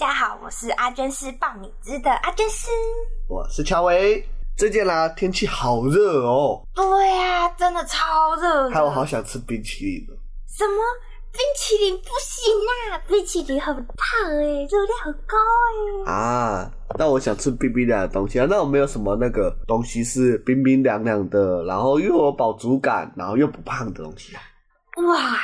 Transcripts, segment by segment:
大家好，我是阿涓師報你知的阿涓師，我是喬維。最近啦、啊，天氣好熱哦。對呀、啊，真的超熱。還有，我好想吃冰淇淋。什麼冰淇淋不行啊？冰淇淋好胖哎、欸，熱量好高哎、欸。啊，那我想吃冰冰涼的東西啊。那我沒有什麼那個東西是冰冰涼涼的，然後又有飽足感，然後又不胖的東西。哇。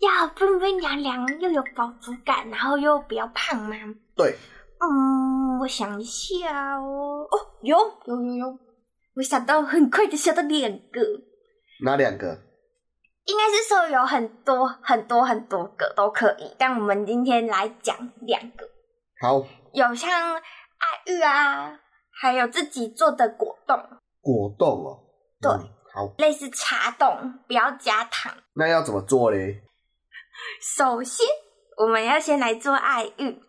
要冰冰涼涼，又有飽足感，然後又不要胖嗎？對。嗯，我想一下哦。哦，有有有有，我想到很快就想到兩個。哪兩個？應該是說有很多很多很多個都可以，但我們今天來講兩個。好。有像愛玉啊，還有自己做的果凍。果凍哦。嗯、對。好，類似茶凍，不要加糖。那要怎麼做嘞？首先，我們要先來做愛玉，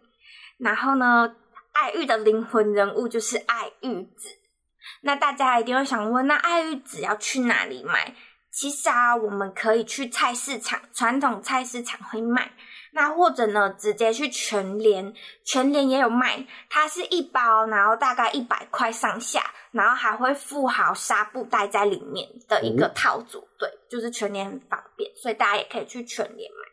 然後呢，愛玉的靈魂人物就是愛玉子。那大家一定會想問，那愛玉子要去哪裡買？其實啊，我們可以去菜市場，傳統菜市場會賣。那或者呢，直接去全聯，全聯也有賣。它是一包，然後大概一百塊上下，然後還會附好紗布袋在裡面的一個套組，對，就是全聯很方便，所以大家也可以去全聯買。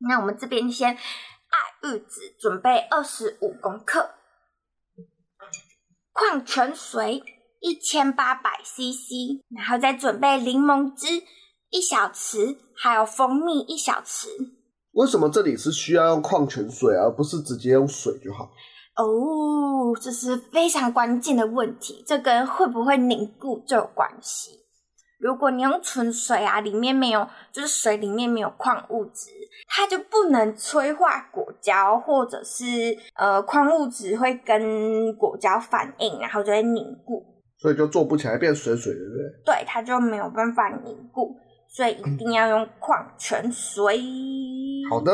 那我們這邊先魚，愛玉子準備二十五公克，礦泉水一千八百 CC，然後再準備檸檬汁一小匙，還有蜂蜜一小匙。為什麼這裡是需要用礦泉水啊，而不是直接用水就好？哦，這是非常關鍵的問題，這跟會不會凝固就有關係。如果你用純水啊，裡面沒有，就是水裡面沒有礦物質，它就不能催化果膠，或者是呃礦物質會跟果膠反應，然後就會凝固，所以就做不起來，變水水的對不對？對，它就沒有辦法凝固，所以一定要用礦泉水。嗯。好的，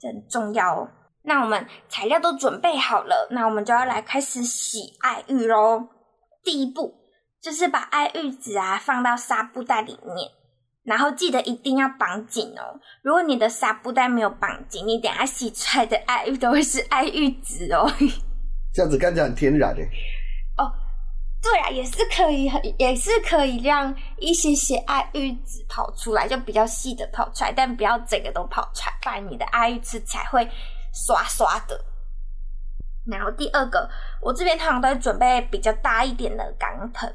這很重要哦。那我們材料都準備好了，那我們就要來開始洗愛玉嘍。第一步。就是把愛玉籽啊放到紗布袋裡面，然後記得一定要綁緊哦。如果你的紗布袋沒有綁緊，你等下洗出來的愛玉都會是愛玉籽哦、喔。 這樣子看起來很天然的、欸、哦。對啊，也是可以，也是可以讓一些些愛玉籽跑出來，就比較細的跑出來，但不要整個都跑出來，不然你的愛玉籽才會刷刷的。然後第二個，我這邊通常都會準備比較大一點的鋼盆，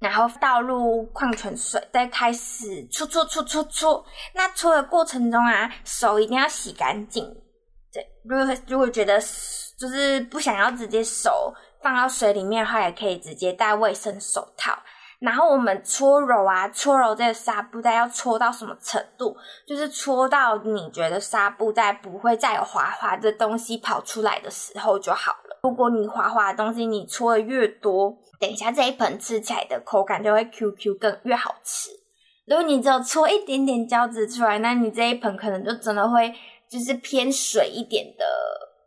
然後倒入礦泉水，再開始搓搓搓搓搓。那搓的過程中啊，手一定要洗乾淨。對，如果如果覺得就是不想要直接手放到水裡面的話，也可以直接戴衛生手套。然後我們搓揉啊搓揉這個紗布袋，要搓到什麼程度？就是搓到你覺得紗布袋不會再有滑滑的東西跑出來的時候就好了。如果你滑滑的東西你搓的越多，等一下這一盆吃起來的口感就會 QQ 更越好吃。如果你只有搓一點點膠質出來，那你這一盆可能就真的會就是偏水一點的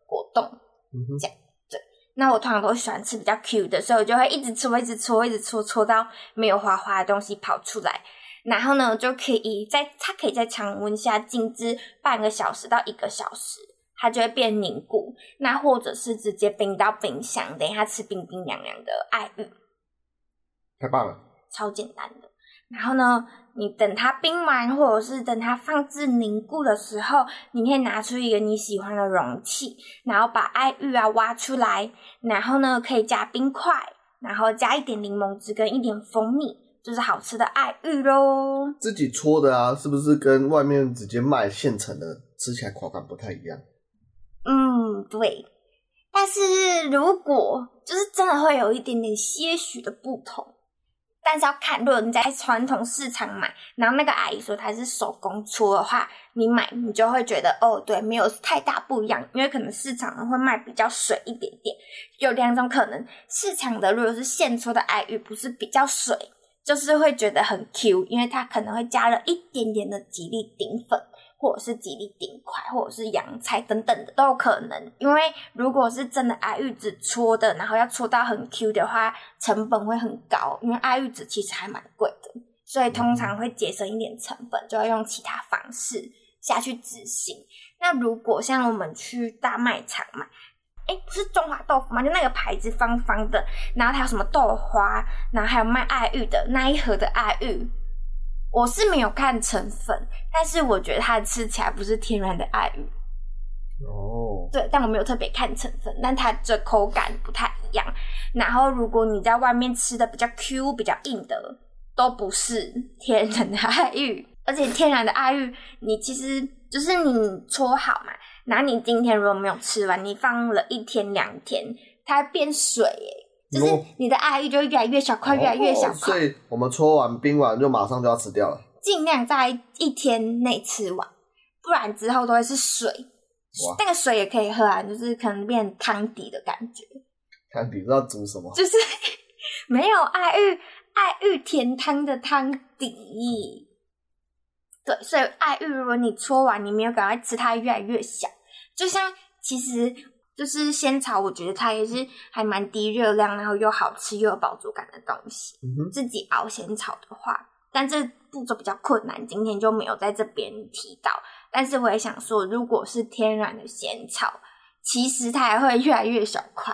果凍，嗯哼、這樣。對，那我通常都會喜歡吃比較 Q 的，所以我就會一直搓，一直搓，一直搓，搓到沒有滑滑的東西跑出來，然後呢就可以在它可以在常溫下靜置半個小時到一個小時。它就會變凝固，那或者是直接冰到冰箱，等一下吃冰冰涼涼的愛玉，太棒了，超簡單的。然後呢，你等它冰完，或者是等它放置凝固的時候，你可以拿出一個你喜歡的容器，然後把愛玉啊挖出來，然後呢可以加冰塊，然後加一點檸檬汁跟一點蜂蜜，就是好吃的愛玉咯。自己搓的啊，是不是跟外面直接賣現成的吃起來口感不太一樣？嗯，對。但是如果就是真的會有一點點些許的不同，但是要看，如果你在傳統市場買，然後那個阿姨說它是手工搓的話，你買你就會覺得哦，對，沒有太大不一樣，因為可能市場上會賣比較水一點點。有兩種可能，市場的如果是現搓的愛玉，不是比較水，就是會覺得很 Q，因為它可能會加了一點點的吉利丁粉。或者是吉利丁塊，或者是洋菜等等的都有可能，因為如果是真的愛玉子搓的，然後要搓到很 Q 的話，成本會很高，因為愛玉子其實還蠻貴的，所以通常會節省一點成本，就要用其他方式下去執行。那如果像我們去大賣場買，哎、欸，不是中華豆腐嗎？就那個牌子方方的，然後它有什麼豆花，然後還有賣愛玉的，那一盒的愛玉。我是沒有看成分，但是我覺得它吃起來不是天然的愛玉，哦、oh.，對，但我沒有特別看成分，但它的這口感不太一樣。然後如果你在外面吃的比較 Q、比較硬的，都不是天然的愛玉，而且天然的愛玉，你其實就是你搓好嘛，那你今天如果沒有吃完，你放了一天兩天，它變水、欸。就是你的愛玉就越來越小塊，越來越小塊。所以我們搓完冰完就馬上就要吃掉了，盡量在一天內吃完，不然之後都會是水。那個水也可以喝啊，就是可能變湯底的感覺。湯底不知道煮什麼，就是沒有愛玉、愛玉甜湯的湯底。對，所以愛玉，如果你搓完你沒有趕快吃，它會越來越小。就像其實，就是仙草，我覺得它也是還蠻低熱量，然後又好吃又有飽足感的東西，嗯哼。自己熬仙草的話，但這步驟比較困難，今天就沒有在這邊提到。但是我也想說，如果是天然的仙草，其實它還會越來越小塊，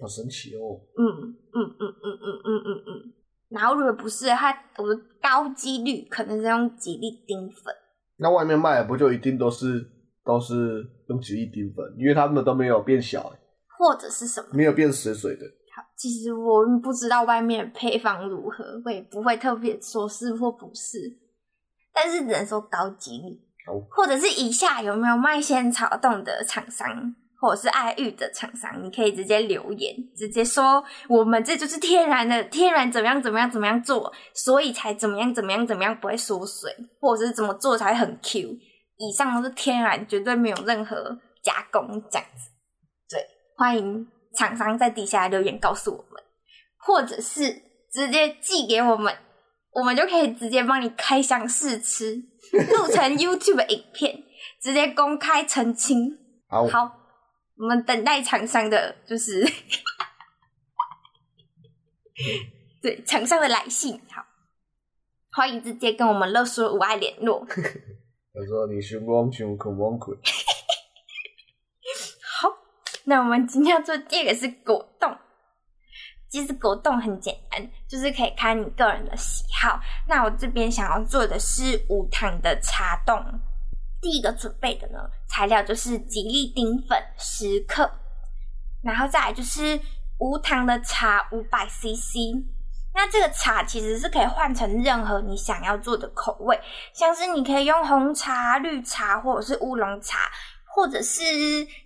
好神奇哦！嗯嗯嗯嗯嗯嗯嗯嗯。然後如果不是它，我的高幾率可能是用吉利丁粉。那外面賣的不就一定都是？都是用吉利丁粉，因為他們都沒有變小，欸，或者是什麼沒有變縮水，水的好。其實我們不知道外面配方如何，我也不會特別說是或不是，但是只能說高級你或者是以下有沒有賣仙草凍的廠商，或者是愛玉的廠商，你可以直接留言，直接說我們這就是天然的，天然怎麼樣怎麼樣怎麼樣做，所以才怎麼樣怎麼樣怎麼樣不會縮水，或者是怎麼做才很 Q。以上都是天然，絕對沒有任何加工，這樣子。對，歡迎廠商在底下留言告訴我們，或者是直接寄給我們，我們就可以直接幫你開箱試吃，錄 成 YouTube 影片， 直接公開澄清。好，好，我們等待廠商的，就是 對廠商的來信。好，歡迎直接跟我們勒索無愛聯絡。 我說你是汪汪好，那我們今天要做第二個是果凍。其實果凍很簡單，就是可以看你個人的喜好。那我這邊想要做的是無糖的茶凍。第一個準備的呢，材料就是吉利丁粉十克，然後再來就是無糖的茶五百 CC。那這個茶其實是可以換成任何你想要做的口味，像是你可以用紅茶、綠茶，或者是烏龍茶，或者是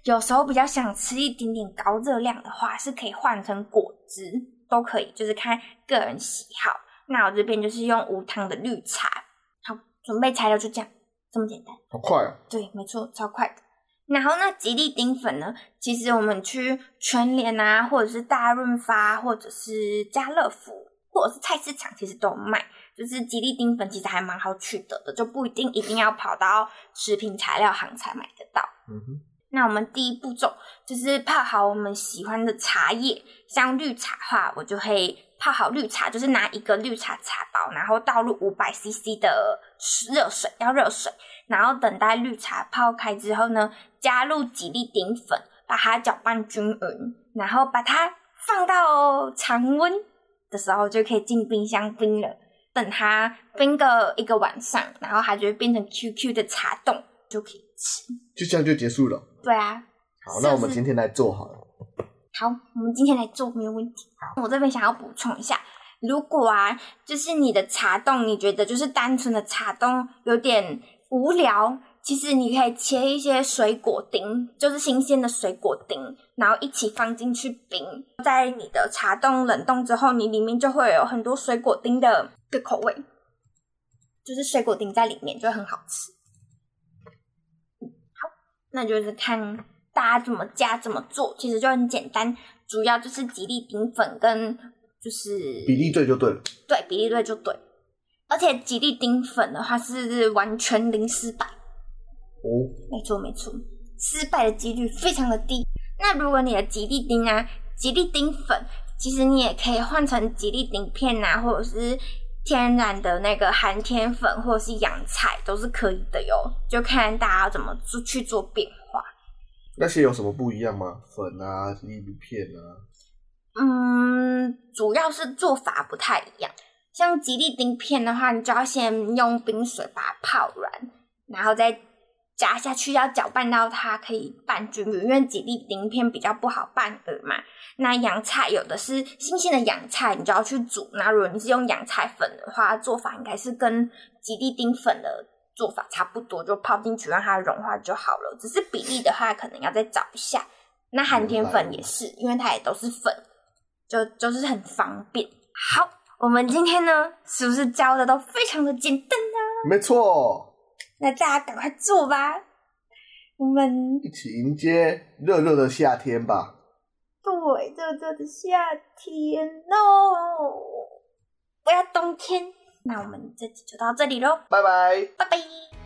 有時候比較想吃一點點高熱量的話，是可以換成果汁都可以，就是看個人喜好。那我這邊就是用無糖的綠茶。好，準備材料就這樣，這麼簡單，好快啊！對，對，沒錯，超快的。然後那吉利丁粉呢，其實我們去全聯啊，或者是大潤發，或者是家樂福。或者是菜市場其實都賣，就是吉利丁粉其實還蠻好取得的，就不一定一定要跑到食品材料行才買得到。嗯、那我們第一步驟就是泡好我們喜歡的茶葉，像綠茶的話，我就會泡好綠茶，就是拿一個綠茶茶包，然後倒入五百 CC 的熱水，要熱水，然後等待綠茶泡開之後呢，加入吉利丁粉，把它攪拌均勻，然後把它放到常溫。的時候就可以進冰箱冰了，等它冰個一個晚上，然後它就會變成 QQ 的茶凍，就可以吃。就這樣就結束了。對啊，好，那我們今天來做好了。好，我們今天來做，沒有問題。好，我這邊想要補充一下，如果啊，就是你的茶凍，你覺得就是單純的茶凍有點無聊。其實你可以切一些水果丁，就是新鮮的水果丁，然後一起放進去冰，在你的茶凍冷凍之後，你裡面就會有很多水果丁的個口味，就是水果丁在裡面就很好吃。嗯，好，那就是看大家怎麼加、怎麼做，其實就很簡單，主要就是吉利丁粉跟就是比例對就對了，對，比例對就對，而且吉利丁粉的話是完全零失敗。沒錯沒錯，失敗的幾率非常的低。那如果你的吉利丁啊，吉利丁粉，其實你也可以換成吉利丁片啊，或者是天然的那個寒天粉，或者是洋菜，都是可以的喲。就看大家怎麼去做變化。那些有什麼不一樣嗎？粉啊，吉利丁片啊？嗯，主要是做法不太一樣。像吉利丁片的話，你就要先用冰水把它泡軟，然後再。加下去要攪拌到它可以拌均勻，因為吉利丁片比較不好拌勻嘛。那洋菜有的是新鮮的洋菜，你就要去煮。那如果你是用洋菜粉的話，做法應該是跟吉利丁粉的做法差不多，就泡進去讓它融化就好了。只是比例的話，可能要再找一下。那寒天粉也是，因為它也都是粉，就就是很方便。好，我們今天呢，是不是教的都非常的簡單呢？啊？沒錯。那大家趕快做吧，我們一起迎接熱熱的夏天吧。對，熱熱的夏天嘍、no，不要冬天。那我們這集就到這裡嘍，拜拜，拜拜。